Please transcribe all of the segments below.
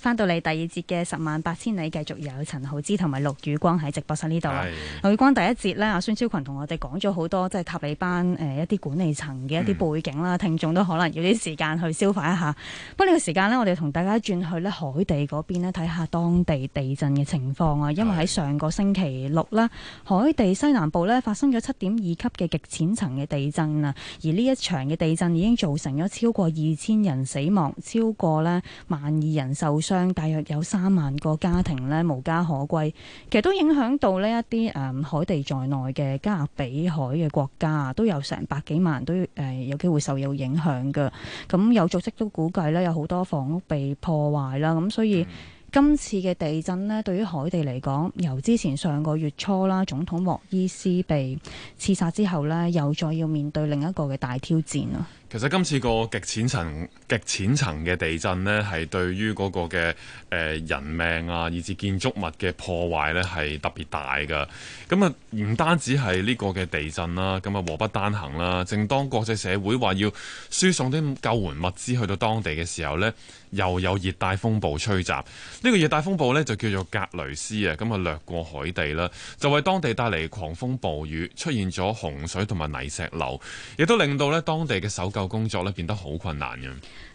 翻到嚟第二節嘅十萬八千里，繼續有陳浩之同埋陸宇光喺直播室呢度啦。陸宇光第一節呢，阿孫超群同我哋講咗好多，即係塔利班誒一啲管理層嘅一啲背景啦。嗯，聽眾都可能要啲時間去消化一下。不過呢個時間呢，我哋同大家轉去呢海地嗰邊呢，睇下當地地震嘅情況啊。因為喺上個星期六啦，海地西南部呢發生咗七點二級嘅極淺層嘅地震啊，而呢一場嘅地震已經造成咗超過二千人死亡，超過呢萬二人受傷。將大約有三萬個家庭咧無家可歸，其實都影響到一啲誒、嗯、海地在內嘅加勒比海嘅國家啊，都有成百幾萬人都誒有機、呃、會受有影響噶。咁有組織都估計呢有好多房屋被破壞啦。咁所以，嗯、今次嘅地震咧，對於海地嚟講，由之前上個月初啦，總統莫伊斯被刺殺之後呢，又再要面對另一個嘅大挑戰啦。其實今次個極淺層、極淺層嘅地震呢，係對於嗰個嘅誒人命啊，以至建築物嘅破壞呢，係特別大㗎。咁啊，唔單止係呢個嘅地震啦，咁啊，禍不單行啦。正當國際社會話要輸送啲救援物資去到當地嘅時候呢，又有熱帶風暴吹襲。呢個熱帶風暴呢，就叫做格雷斯啊，咁啊掠過海地啦，就為當地帶嚟狂風暴雨，出現咗洪水同埋泥石流，亦都令到呢當地嘅首工作咧，變得好困難嘅。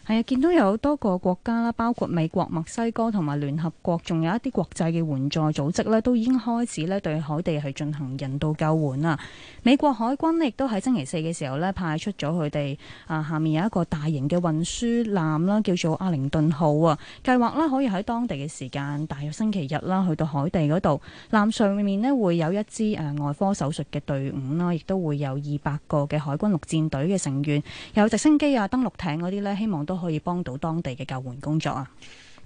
係啊，見到有多個國家啦，包括美國、墨西哥同埋聯合國，仲有一啲國際嘅援助組織咧，都已經開始咧對海地去進行人道救援啦。美國海軍亦都喺星期四嘅時候咧派出咗佢哋啊，下面有一個大型嘅運輸艦啦，叫做阿靈頓號啊，計劃啦可以喺當地嘅時間，大約星期日啦，去到海地嗰度，艦上面咧會有一支誒外科手術嘅隊伍啦，亦都會有二百個嘅海軍陸戰隊嘅成員，有直升機啊、登陸艇嗰啲咧，希望都。都可以幫到當地嘅救援工作啊！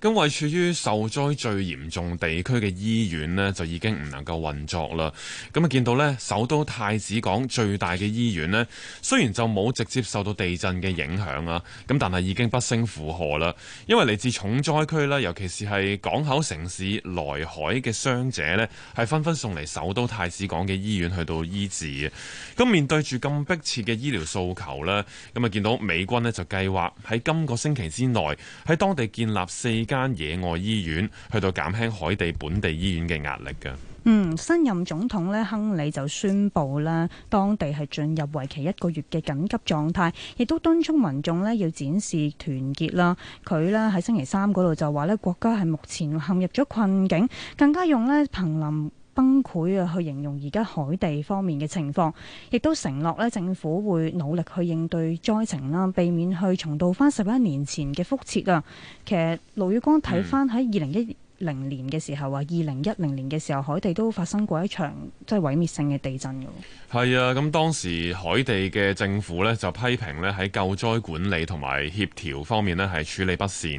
咁位處於受災最嚴重地區嘅醫院呢，就已經唔能夠運作啦。咁啊，見到呢首都太子港最大嘅醫院呢，雖然就冇直接受到地震嘅影響啊，咁但係已經不勝負荷啦。因為嚟自重災區啦，尤其是係港口城市來海嘅傷者呢，係紛紛送嚟首都太子港嘅醫院去到醫治。咁面對住咁迫切嘅醫療訴求呢，咁啊，見到美軍呢，就計劃喺今個星期之內喺當地建立四間野外醫院去到減輕海地本地醫院嘅壓力嘅。嗯，新任總統咧亨利就宣布咧，當地係進入為期一個月嘅緊急狀態，亦都敦促民眾咧要展示團結啦。佢咧喺星期三嗰度就話咧，國家係目前陷入咗困境，更加用咧瀕臨。崩潰啊，去形容而家海地方面嘅情況，亦都承諾呢政府會努力去應對災情啦，避免去重蹈翻十一年前嘅覆轍啊。其實盧宇光睇翻喺二零一。嗯零年嘅時候啊，二零一零年嘅時候，海地都發生過一場即係毀滅性嘅地震㗎。係啊，咁當時海地嘅政府呢，就批評呢喺救災管理同埋協調方面呢係處理不善。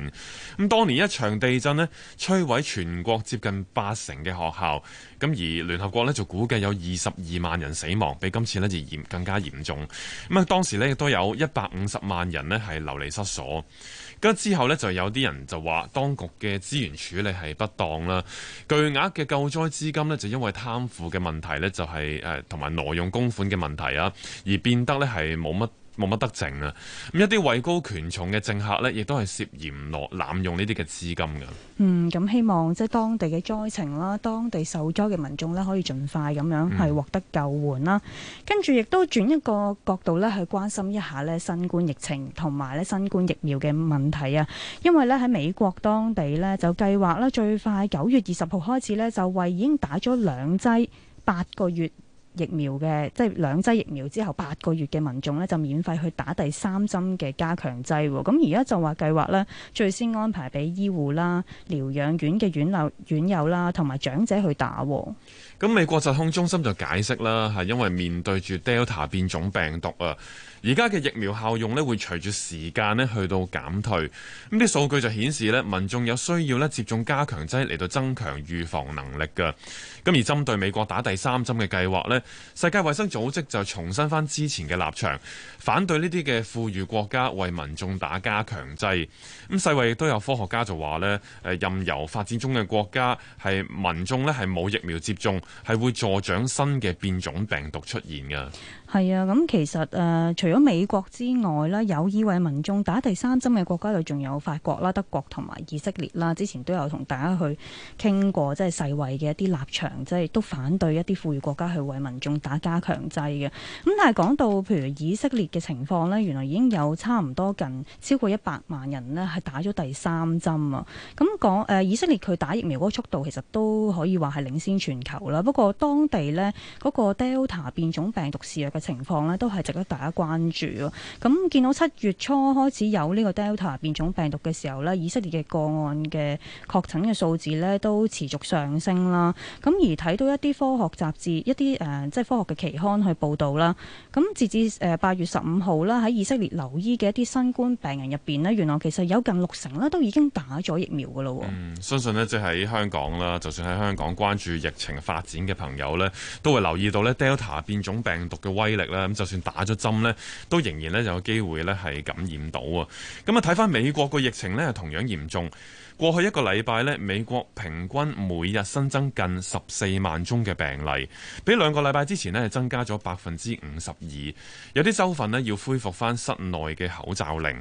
咁當年一場地震呢，摧毀全國接近八成嘅學校。咁而聯合國呢，就估計有二十二萬人死亡，比今次呢而嚴更加嚴重。咁啊，當時呢，亦都有一百五十萬人呢係流離失所。咁之後呢，就有啲人就話當局嘅資源處理係不當啦，巨額嘅救災資金呢，就因為貪腐嘅問題呢，就係誒同埋挪用公款嘅問題啊，而變得呢係冇乜冇乜得剩啊！咁一啲位高權重嘅政客呢，亦都係涉嫌挪濫用呢啲嘅資金嘅。嗯，咁希望即係當地嘅災情啦，當地受災嘅民眾呢，可以盡快咁樣係獲得救援啦。跟住亦都轉一個角度呢，去關心一下呢新冠疫情同埋呢新冠疫苗嘅問題啊。因為呢，喺美國當地呢，就計劃呢最快九月二十號開始呢，就為已經打咗兩劑八個月。疫苗嘅即係兩劑疫苗之後八個月嘅民眾咧，就免費去打第三針嘅加強劑，咁而家就話計劃咧最先安排俾醫護啦、療養院嘅院友、院友啦同埋長者去打。咁美國疾控中心就解釋啦，係因為面對住 Delta 變種病毒啊，而家嘅疫苗效用咧會隨住時間咧去到減退，咁啲數據就顯示咧民眾有需要咧接種加強劑嚟到增強預防能力嘅，咁而針對美國打第三針嘅計劃咧。世界衛生組織就重新翻之前嘅立場，反對呢啲嘅富裕國家為民眾打加強劑。咁世衛亦都有科學家就話呢，誒任由發展中嘅國家係民眾呢係冇疫苗接種，係會助長新嘅變種病毒出現嘅。係啊，咁其實誒、呃、除咗美國之外呢，有意為民眾打第三針嘅國家就仲有法國啦、德國同埋以色列啦。之前都有同大家去傾過，即係世衛嘅一啲立場，即係都反對一啲富裕國家去為民。重打加強劑嘅，咁但係講到譬如以色列嘅情況咧，原來已經有差唔多近超過一百萬人咧係打咗第三針啊！咁講誒以色列佢打疫苗嗰個速度其實都可以話係領先全球啦。不過當地咧，嗰個 Delta 變種病毒肆虐嘅情況咧，都係值得大家關注啊！咁見到七月初開始有呢個 Delta 變種病毒嘅時候咧，以色列嘅個案嘅確診嘅數字咧都持續上升啦。咁而睇到一啲科學雜誌一啲誒。呃即係科學嘅期刊去報導啦。咁截至誒八月十五號啦，喺以色列留醫嘅一啲新冠病人入邊呢，原來其實有近六成呢都已經打咗疫苗噶咯。嗯，相信呢，即係喺香港啦，就算喺香港關注疫情發展嘅朋友呢，都會留意到呢 Delta 變種病毒嘅威力啦。咁就算打咗針呢，都仍然呢有機會呢係感染到啊。咁啊睇翻美國個疫情呢，同樣嚴重。過去一個禮拜，美國平均每日新增近十四萬宗嘅病例，比兩個禮拜之前增加咗百分之五十二。有啲州份要恢復翻室內嘅口罩令。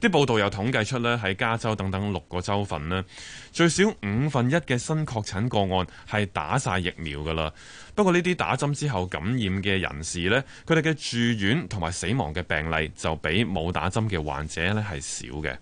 啲報道又統計出咧喺加州等等六個州份，最少五分一嘅新確診個案係打晒疫苗噶啦。不過呢啲打針之後感染嘅人士咧，佢哋嘅住院同埋死亡嘅病例就比冇打針嘅患者咧係少嘅。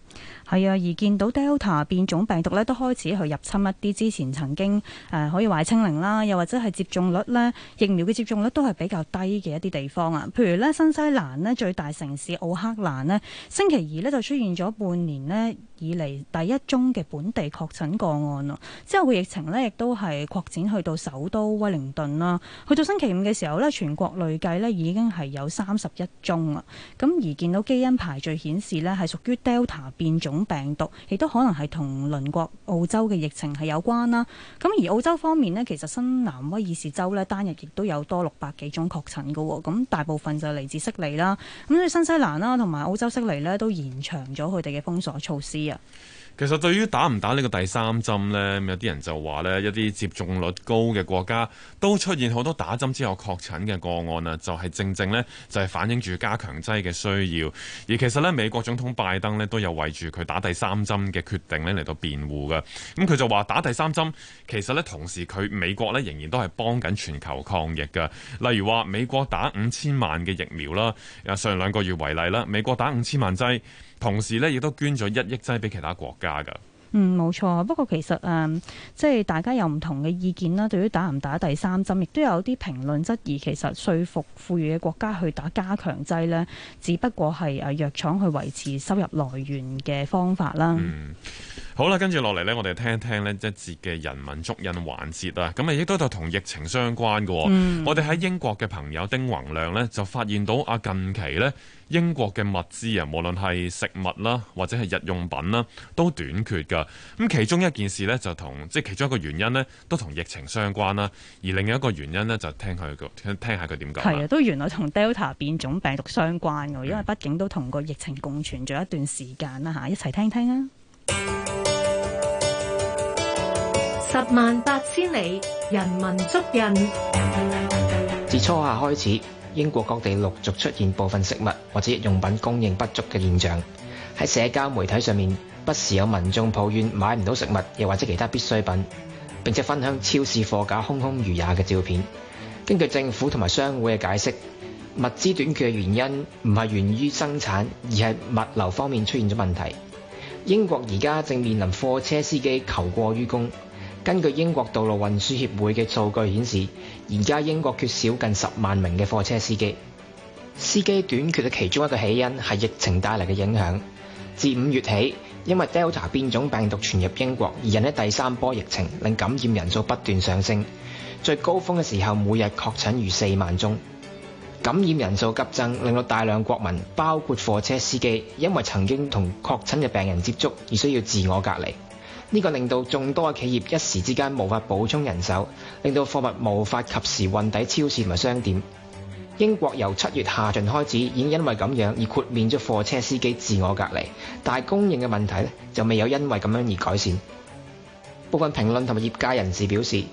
係啊，而見到 Delta 變種病毒呢，都開始去入侵一啲之前曾經、呃、可以話清零啦，又或者係接種率呢，疫苗嘅接種率都係比較低嘅一啲地方啊。譬如呢，新西蘭呢，最大城市奧克蘭呢，星期二呢，就出現咗半年呢以嚟第一宗嘅本地確診個案咯，之後嘅疫情呢，亦都係擴展去到首都威靈頓啦。去到星期五嘅時候呢，全國累計呢已經係有三十一宗喇。咁而見到基因排序顯示呢，係屬於 Delta 變種病毒，亦都可能係同鄰國澳洲嘅疫情係有關啦。咁而澳洲方面呢，其實新南威爾士州呢，單日亦都有多六百幾宗確診㗎喎。咁大部分就嚟自悉尼啦。咁所以新西蘭啦同埋澳洲悉尼呢，都延長咗佢哋嘅封鎖措施。其實對於打唔打呢個第三針呢，有啲人就話呢，一啲接種率高嘅國家都出現好多打針之後確診嘅個案啊，就係正正呢，就係反映住加強劑嘅需要。而其實呢，美國總統拜登呢都有為住佢打第三針嘅決定呢嚟到辯護噶。咁佢就話打第三針，其實呢，同時佢美國呢仍然都係幫緊全球抗疫噶。例如話美國打五千萬嘅疫苗啦，啊上兩個月為例啦，美國打五千萬劑。同時咧，亦都捐咗一億劑俾其他國家㗎。嗯，冇錯。不過其實誒，即、嗯、係大家有唔同嘅意見啦。對於打唔打第三針，亦都有啲評論質疑，其實説服富裕嘅國家去打加強劑呢，只不過係誒藥廠去維持收入來源嘅方法啦。嗯。好啦，跟住落嚟呢，我哋聽一聽呢一節嘅人文足印環節啊。咁啊，亦都就同疫情相關嘅。嗯、我哋喺英國嘅朋友丁宏量呢，就發現到啊，近期呢，英國嘅物資啊，無論係食物啦，或者係日用品啦，都短缺嘅。咁其中一件事呢，就同即係其中一個原因呢，都同疫情相關啦。而另一個原因呢，就聽佢聽聽下佢點講。係啊，都原來同 Delta 變種病毒相關嘅，因為畢竟都同個疫情共存咗一段時間啦。嚇，一齊聽聽啊！十萬八千里，人文足印。自初夏開始，英國各地陸續出現部分食物或者日用品供應不足嘅現象。喺社交媒體上面，不時有民眾抱怨買唔到食物，又或者其他必需品，並且分享超市貨架空空如也嘅照片。根據政府同埋商會嘅解釋，物資短缺嘅原因唔係源於生產，而係物流方面出現咗問題。英國而家正面臨貨車司機求過於供。根據英國道路運輸協會嘅數據顯示，而家英國缺少近十萬名嘅貨車司機。司機短缺嘅其中一個起因係疫情帶嚟嘅影響。自五月起，因為 Delta 變種病毒傳入英國，而引起第三波疫情，令感染人數不斷上升。最高峰嘅時候，每日確診逾四萬宗，感染人數急增，令到大量國民，包括貨車司機，因為曾經同確診嘅病人接觸，而需要自我隔離。呢個令到眾多嘅企業一時之間無法補充人手，令到貨物無法及時運抵超市同埋商店。英國由七月下旬開始，已經因為咁樣而豁免咗貨車司機自我隔離，但係供應嘅問題咧就未有因為咁樣而改善。部分評論同埋業界人士表示，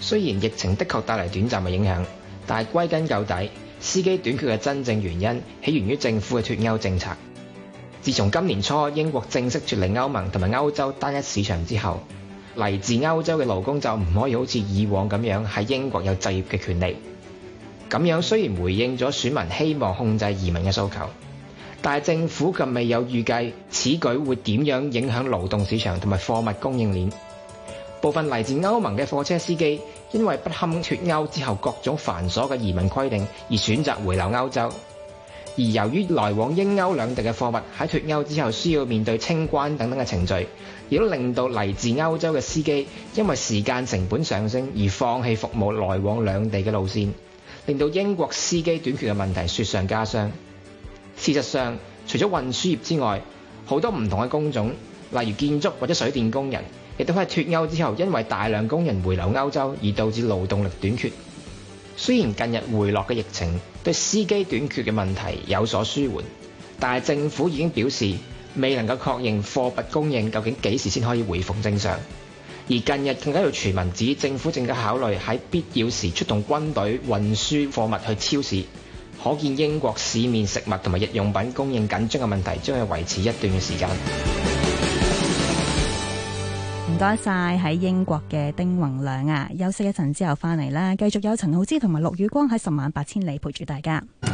雖然疫情的確帶嚟短暫嘅影響，但係歸根究底，司機短缺嘅真正原因起源於政府嘅脱歐政策。自從今年初英國正式脱離歐盟同埋歐洲單一市場之後，嚟自歐洲嘅勞工就唔可以好似以往咁樣喺英國有就業嘅權利。咁樣雖然回應咗選民希望控制移民嘅訴求，但係政府卻未有預計此舉會點樣影響勞動市場同埋貨物供應鏈。部分嚟自歐盟嘅貨車司機因為不堪脱歐之後各種繁瑣嘅移民規定，而選擇回流歐洲。而由於來往英歐兩地嘅貨物喺脱歐之後需要面對清關等等嘅程序，亦都令到嚟自歐洲嘅司機因為時間成本上升而放棄服務來往兩地嘅路線，令到英國司機短缺嘅問題雪上加霜。事實上，除咗運輸業之外，好多唔同嘅工種，例如建築或者水電工人，亦都喺脱歐之後因為大量工人回流歐洲而導致勞動力短缺。雖然近日回落嘅疫情對司機短缺嘅問題有所舒緩，但係政府已經表示未能夠確認貨物供應究竟幾時先可以回復正常。而近日更加有傳聞指政府正在考慮喺必要時出動軍隊運輸貨物去超市，可見英國市面食物同埋日用品供應緊張嘅問題將係維持一段嘅時間。唔該晒，喺英國嘅丁宏量啊，休息一陣之後翻嚟啦，繼續有陳浩之同埋陸宇光喺十萬八千里陪住大家。嗯、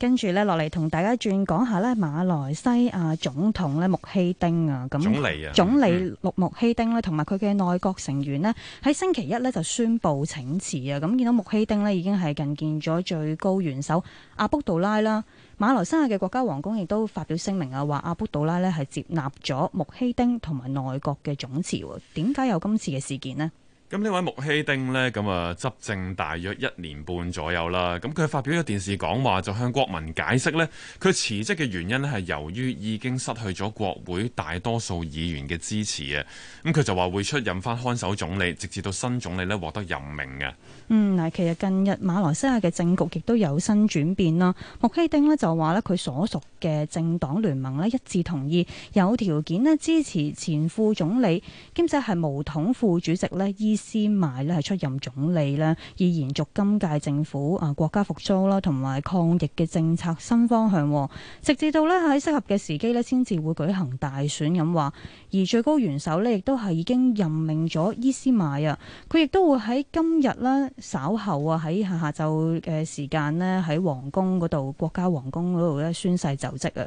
跟住咧，落嚟同大家轉講一下咧，馬來西亞總統咧穆希丁啊，咁、嗯、總理啊，總理陸穆希丁咧，同埋佢嘅內閣成員呢，喺星期一咧就宣布請辭啊。咁、嗯、見到穆希丁呢已經係近見咗最高元首阿卜杜拉啦。馬來西亞嘅國家皇宮亦都發表聲明，話阿卜杜拉咧，係接納咗穆希丁同埋內閣嘅總辭。點解有今次嘅事件呢？咁呢位穆希丁呢，咁啊執政大約一年半左右啦。咁佢發表咗電視講話，就向國民解釋呢，佢辭職嘅原因呢，係由於已經失去咗國會大多數議員嘅支持啊。咁佢就話會出任翻，看守總理，直至到新總理呢獲得任命嘅。嗯，嗱，其實近日馬來西亞嘅政局亦都有新轉變啦。穆希丁呢，就話呢，佢所屬嘅政黨聯盟呢一致同意，有條件呢支持前副總理兼且係巫統副主席呢。伊斯邁呢係出任總理呢，以延續今屆政府啊國家復甦啦，同埋抗疫嘅政策新方向，直至到呢喺適合嘅時機呢先至會舉行大選咁話。而最高元首呢亦都係已經任命咗伊斯邁啊。佢亦都會喺今日呢稍後啊，喺下下晝嘅時間呢，喺皇宮嗰度，國家皇宮嗰度咧宣誓就職啊。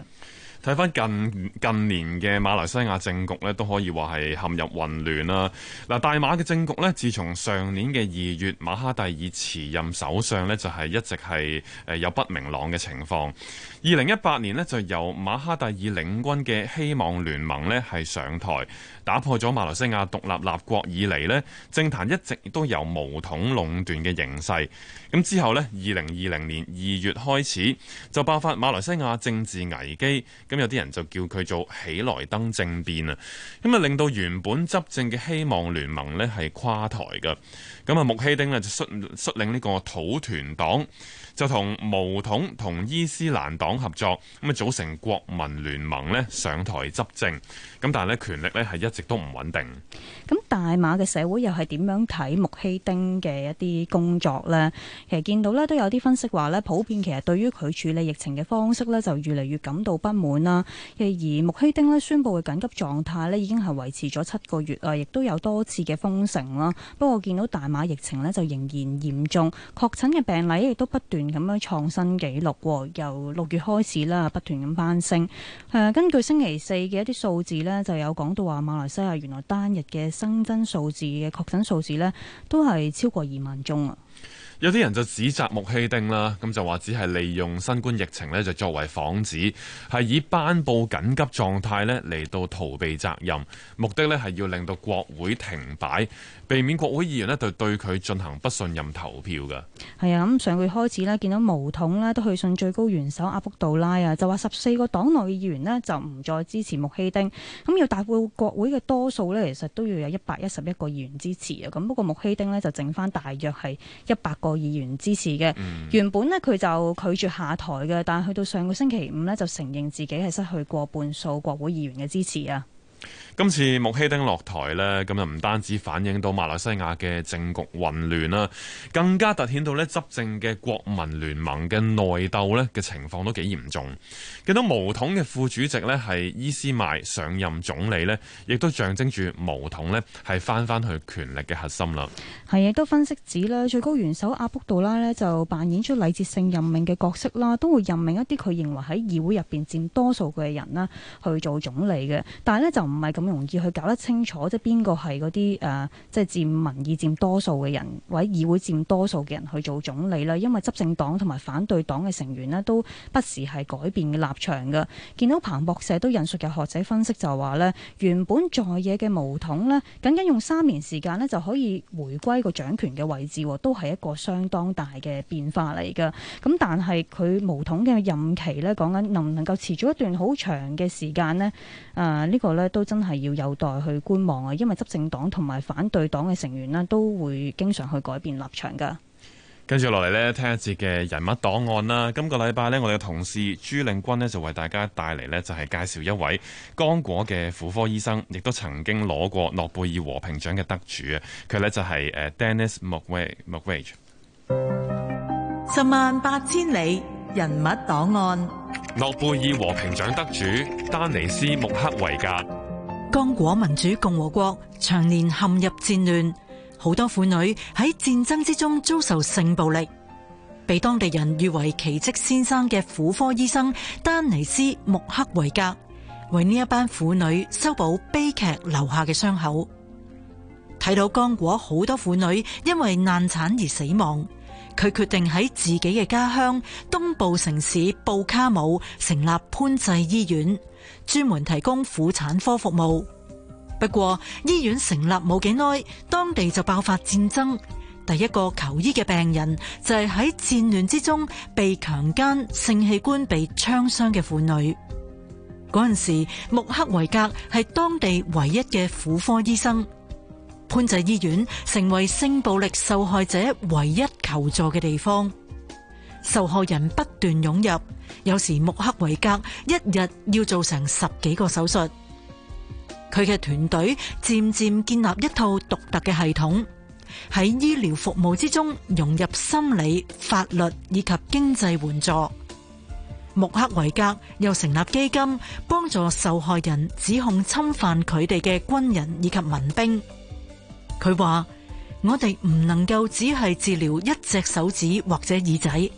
睇翻近近年嘅馬來西亞政局咧，都可以話係陷入混亂啦、啊。嗱、啊，大馬嘅政局咧，自從上年嘅二月馬哈蒂爾辭任首相咧，就係、是、一直係誒、呃、有不明朗嘅情況。二零一八年呢，就由馬哈蒂爾領軍嘅希望聯盟呢係上台，打破咗馬來西亞獨立立國以嚟呢政壇一直都由巫統壟斷嘅形勢。咁之後呢，二零二零年二月開始就爆發馬來西亞政治危機，咁有啲人就叫佢做喜來登政變啊，咁啊令到原本執政嘅希望聯盟呢係垮台嘅。咁啊，穆希丁呢就率率領呢個土團黨。就同巫統同伊斯蘭黨合作，咁啊組成國民聯盟咧上台執政。咁但係咧權力咧係一直都唔穩定。咁大馬嘅社會又係點樣睇穆希丁嘅一啲工作咧？其實見到咧都有啲分析話咧，普遍其實對於佢處理疫情嘅方式咧就越嚟越感到不滿啦。而穆希丁咧宣布嘅緊急狀態咧已經係維持咗七個月啊，亦都有多次嘅封城啦。不過見到大馬疫情咧就仍然嚴重，確診嘅病例亦都不斷。咁樣創新紀錄，由六月開始啦，不斷咁攀升。誒，根據星期四嘅一啲數字呢，就有講到話馬來西亞原來單日嘅新增數字嘅確診數字呢，都係超過二萬宗啊。有啲人就指責穆希丁啦，咁就話只係利用新冠疫情呢，就作為幌子，係以頒布緊急狀態呢嚟到逃避責任，目的呢，係要令到國會停擺，避免國會議員呢對對佢進行不信任投票噶。係啊，咁上個月開始呢，見到毛統呢都去信最高元首阿福杜拉啊，就話十四個黨內議員呢就唔再支持穆希丁，咁要達到國會嘅多數呢，其實都要有一百一十一個議員支持啊。咁不過穆希丁呢就剩翻大約係一百個，議員支持嘅，嗯、原本呢，佢就拒絕下台嘅，但係去到上個星期五呢，就承認自己係失去過半數國會議員嘅支持啊。今次穆希丁落台呢，咁就唔單止反映到馬來西亞嘅政局混亂啦，更加突顯到咧執政嘅國民聯盟嘅內鬥咧嘅情況都幾嚴重。見到毛統嘅副主席呢，係伊斯邁上任總理呢亦都象徵住毛統呢係翻翻去權力嘅核心啦。係亦都分析指呢最高元首阿卜杜拉呢就扮演出禮節性任命嘅角色啦，都會任命一啲佢認為喺議會入邊佔多數嘅人啦去做總理嘅，但係呢，就唔係咁。容易去搞得清楚，呃、即係邊個係嗰啲誒，即係佔民意佔多數嘅人，或者議會佔多數嘅人去做總理啦。因為執政黨同埋反對黨嘅成員咧，都不時係改變嘅立場噶。見到彭博社都引述嘅學者分析就係話咧，原本在野嘅巫統咧，僅僅用三年時間咧就可以回歸個掌權嘅位置，都係一個相當大嘅變化嚟噶。咁但係佢巫統嘅任期咧，講緊能唔能夠持續一段好長嘅時間咧？誒、呃這個、呢個咧都真係。要有待去觀望啊，因為執政黨同埋反對黨嘅成員呢都會經常去改變立場噶。跟住落嚟呢，聽一節嘅人物檔案啦。今個禮拜呢，我哋嘅同事朱令君呢就為大家帶嚟呢，就係介紹一位剛果嘅婦科醫生，亦都曾經攞過諾貝爾和平獎嘅得主啊。佢呢就係誒，Dennis Mukwege，十萬八千里人物檔案，諾貝爾和平獎得主丹尼斯穆克維格。剛果民主共和國長年陷入戰亂，好多婦女喺戰爭之中遭受性暴力。被當地人譽為奇蹟先生嘅婦科醫生丹尼斯穆克維格，為呢一班婦女修補悲劇留下嘅傷口。睇到剛果好多婦女因為難產而死亡，佢決定喺自己嘅家鄉東部城市布卡武成立潘濟醫院。專門提供婦產科服務。不過醫院成立冇幾耐，當地就爆發戰爭。第一個求醫嘅病人就係喺戰亂之中被強奸、性器官被槍傷嘅婦女。嗰陣時，穆克維格係當地唯一嘅婦科醫生。潘濟醫院成為性暴力受害者唯一求助嘅地方。受害人不斷湧入。有時穆克維格一日要做成十幾個手術，佢嘅團隊漸漸建立一套獨特嘅系統，喺醫療服務之中融入心理、法律以及經濟援助。穆克維格又成立基金，幫助受害人指控侵犯佢哋嘅軍人以及民兵。佢話：我哋唔能夠只係治療一隻手指或者耳仔。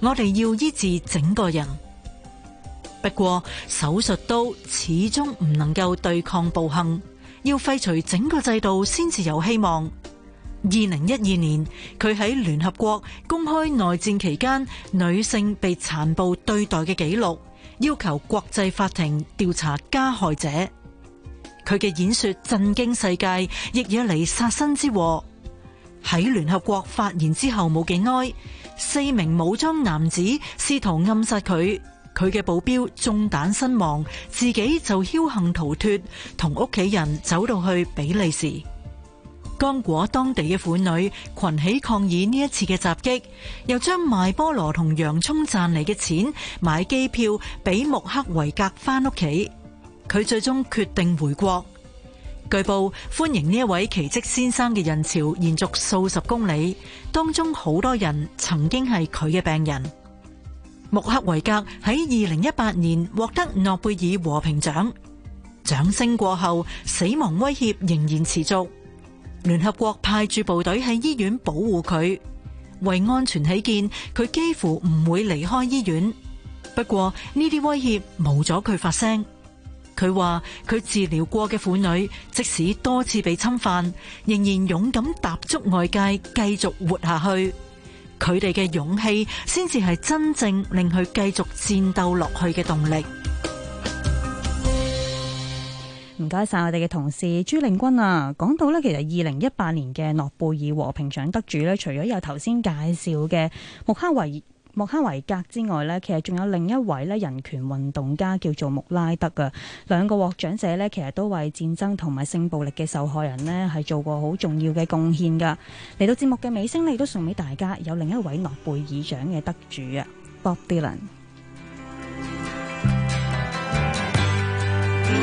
我哋要醫治整個人。不過手術刀始終唔能夠對抗暴行，要廢除整個制度先至有希望。二零一二年，佢喺聯合國公開內戰期間女性被殘暴對待嘅紀錄，要求國際法庭調查加害者。佢嘅演說震驚世界，亦惹嚟殺身之禍。喺聯合國發言之後冇幾耐，四名武裝男子試圖暗殺佢，佢嘅保鏢中彈身亡，自己就僥幸逃脫，同屋企人走到去比利時。剛果當地嘅婦女群起抗議呢一次嘅襲擊，又將賣菠蘿同洋蔥賺嚟嘅錢買機票，俾穆克維格返屋企。佢最終決定回國。據報，歡迎呢一位奇跡先生嘅人潮延續數十公里，當中好多人曾經係佢嘅病人。穆克維格喺二零一八年獲得諾貝爾和平獎，掌聲過後，死亡威脅仍然持續。聯合國派駐部隊喺醫院保護佢，為安全起見，佢幾乎唔會離開醫院。不過呢啲威脅冇咗佢發聲。佢話：佢治療過嘅婦女，即使多次被侵犯，仍然勇敢踏足外界，繼續活下去。佢哋嘅勇氣，先至係真正令佢繼續戰鬥落去嘅動力。唔該晒我哋嘅同事朱令筠啊！講到呢，其實二零一八年嘅諾貝爾和平獎得主呢，除咗有頭先介紹嘅穆克維，穆克維格之外呢其實仲有另一位咧，人權運動家叫做穆拉德啊，兩個獲獎者呢，其實都為戰爭同埋性暴力嘅受害人呢，係做過好重要嘅貢獻噶。嚟到節目嘅尾聲，亦都送俾大家有另一位諾貝爾獎嘅得主啊，Bob Dylan。